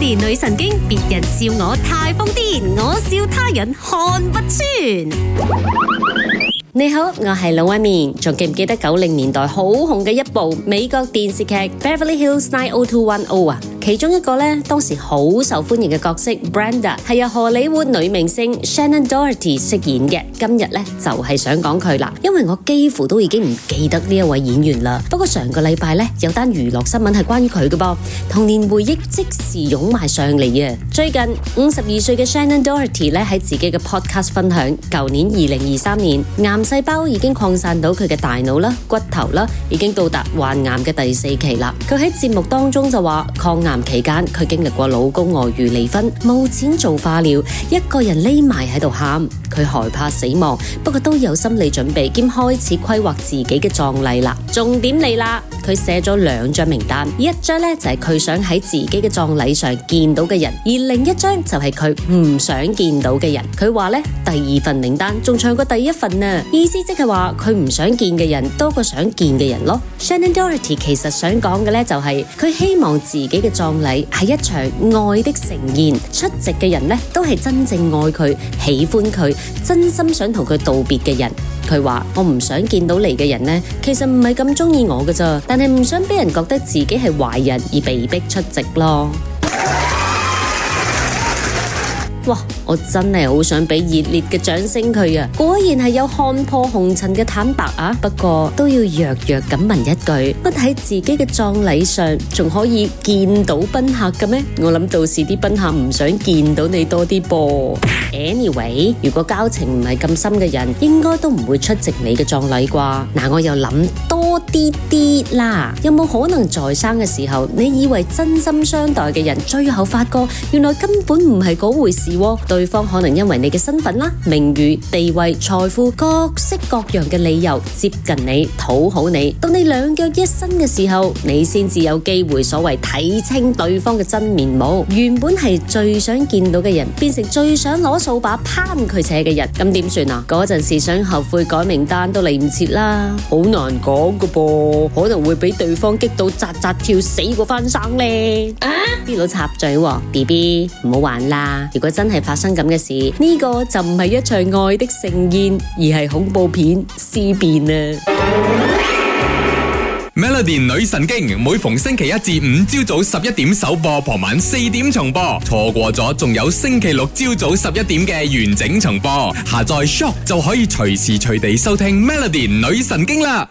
連女神經，別人笑我太瘋癲，我笑他人看不穿。你好，我係龍紋敏，仲記唔記得九零年代好紅嘅一部美國電視劇《Beverly Hills 90210》哦啊？其中一個咧，當時好受歡迎嘅角色 Brenda 係由荷里活女明星 Shannon Doherty 飾演嘅。今日咧就係、是、想講佢啦，因為我幾乎都已經唔記得呢一位演員啦。不過上個禮拜呢，有單娛樂新聞係關於佢嘅噃，童年回憶即時湧埋上嚟啊！最近五十二歲嘅 Shannon Doherty 咧喺自己嘅 podcast 分享，舊年二零二三年癌細胞已經擴散到佢嘅大腦啦、骨頭啦，已經到達患癌嘅第四期啦。佢喺節目當中就話抗癌。期間佢經歷過老公外遇、離婚、冇錢做化療，一個人匿埋喺度喊，佢害怕死亡，不過都有心理準備兼開始規劃自己嘅葬禮啦。重點嚟啦，佢寫咗兩張名單，一張呢就係、是、佢想喺自己嘅葬禮上見到嘅人，而另一張就係佢唔想見到嘅人。佢話呢，第二份名單仲長過第一份呢、啊，意思即係話佢唔想見嘅人多過想見嘅人咯。Shannon Doherty 其實想講嘅呢，就係、是、佢希望自己嘅葬。葬禮係一場愛的盛宴，出席嘅人呢都係真正愛佢、喜歡佢、真心想同佢道別嘅人。佢話我唔想見到你嘅人呢，其實唔係咁中意我㗎咋，但係唔想俾人覺得自己係壞人而被迫出席咯。哇！我真係好想俾熱烈嘅掌聲佢啊！果然係有看破紅塵嘅坦白啊！不過都要弱弱咁問一句：不喺自己嘅葬禮上，仲可以見到賓客嘅咩？我諗到時啲賓客唔想見到你多啲噃。Anyway，如果交情唔係咁深嘅人，應該都唔會出席你嘅葬禮啩？嗱、啊，我又諗多啲啲啦，有冇可能在生嘅時候，你以為真心相待嘅人，最後發覺原來根本唔係嗰回事喎，啊？對方可能因為你嘅身份啦，啊，名譽、地位、財富，各式各樣嘅理由接近你，討好你。當你兩腳一伸嘅時候，你先至有機會所謂睇清對方嘅真面目。原本係最想見到嘅人，變成最想攞掃把拏佢扯嘅人，咁點算啊？嗰陣時想後悔改名單都嚟唔切啦，好難講。講個噃，可能會俾對方激到扎扎跳死過翻生咧。邊度插嘴？B B 唔好玩啦！如果真係發生咁嘅事，呢個就唔係一場愛的盛宴，而係恐怖片思辨啊！Melody 女神經每逢星期一至五朝早十一點首播，傍晚四點重播。錯過咗，仲有星期六朝早十一點嘅完整重播。下載 Shop 就可以隨時隨地收聽 Melody 女神經啦。